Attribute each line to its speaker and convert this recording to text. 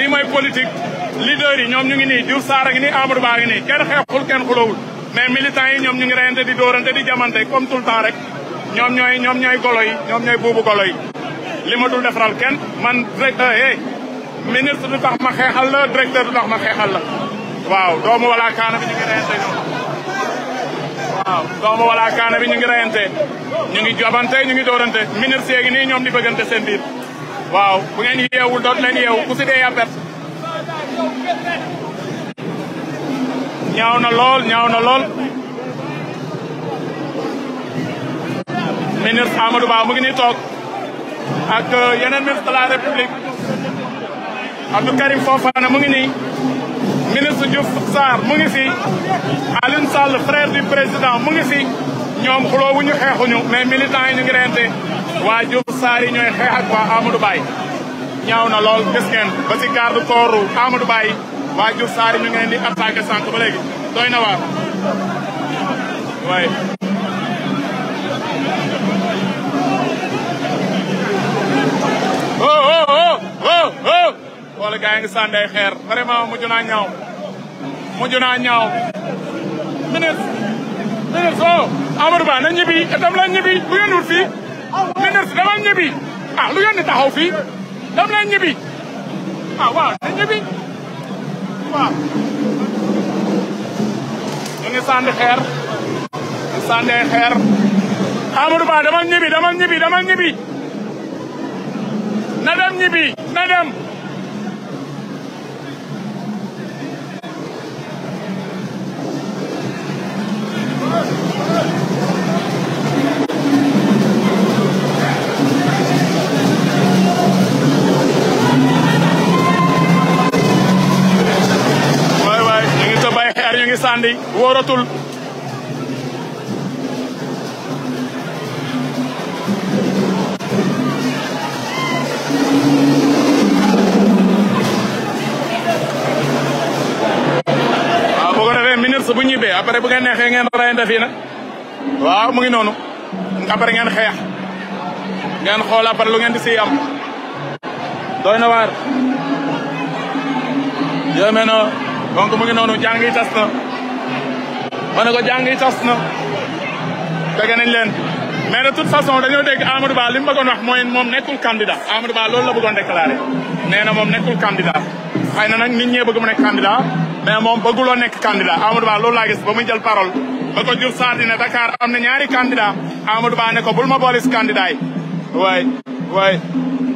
Speaker 1: lii mooy politique leader yi ñoom ñu ngi nii Diouf Sarr a ngi nii Amadou ngi nii kenn xeexul kenn xulawul mais militant yi ñoom ñu ngi reyante di dóorante di jamante comme tout le temps rek ñoom ñooy ñooy golo yi ñoom ñooy buubu golo yi li ma dul defaral kenn man directeur eh, eh ministre du tax ma xeexal la directeur du tax ma xeexal la waaw doomu wala kaana bi ñu ngi reyante ñoom ñu ngi reyante ñu ngi jabante ñu ngi dóorante ministre yi ngi nii ñoom di bëggante seen waaw bu ngeen yeewul doot leen yeewu ku si dee yaa perte ñaaw na lool ñaaw na lool ministre Amadou Ba mu ngi nii toog ak euh, yeneen ministre de la république Abdou mu ngi nii ministre Diouf Sarr mu ngi fi Alioune Sall frère du président mu ngi fi ñoom xuloo wu ñu xeexuñu mais militants yi ñu ngi rente waa Diouf Sarr yi ñooy xeex ak waa Amadou Baye ñaaw na lool gis ngeen ba si garde corps u Amadou Baye waa Diouf Sarr ñu ngi leen di attaqué sànq ba léegi doy na waar waaye oh oh oh oh oh gaa yi ngi sànni ay xeer vraiment mujj naa ñaaw mujj naa ñaaw ministre ministre oh na ñibbi itam la ñibbi bu yëndul fii ministre dama ñibbi ah lu yónni taxaw fii dama leen ñibbi ah waaw da ñibbi waaw ñu ngi sànni xeer ñu sànni xeer Amadou Ba dama ñibbi dama ñibbi dama ñibbi na dem ñibbi na dem ngi sànni wóoratul waaw boo ko defee ministre bu ñibbee bu ngeen neexee ngeen rayante fii nag waaw mu ngi noonu après ngeen xeex ngeen xool après lu ngeen di siy am na waar yéeme donc mu ngi noonu jàng yi tas na ma ne ko jàng yi na tege leen mais de toute façon dañoo dégg Amadou Ba li mu bëggoon wax mooy moom nekkul candidat Amadou Ba loolu la bëggoon déclaré nee na moom nekkul candidat xëy na nag nit ñee bëgg mu nekk candidat mais moom bëgguloo nekk candidat Amadou Ba loolu laa gis ba muy jël parole ba ko jur saati ne Dakar am na ñaari candidat Amadou Ba ne ko bul ma boolis candidat yi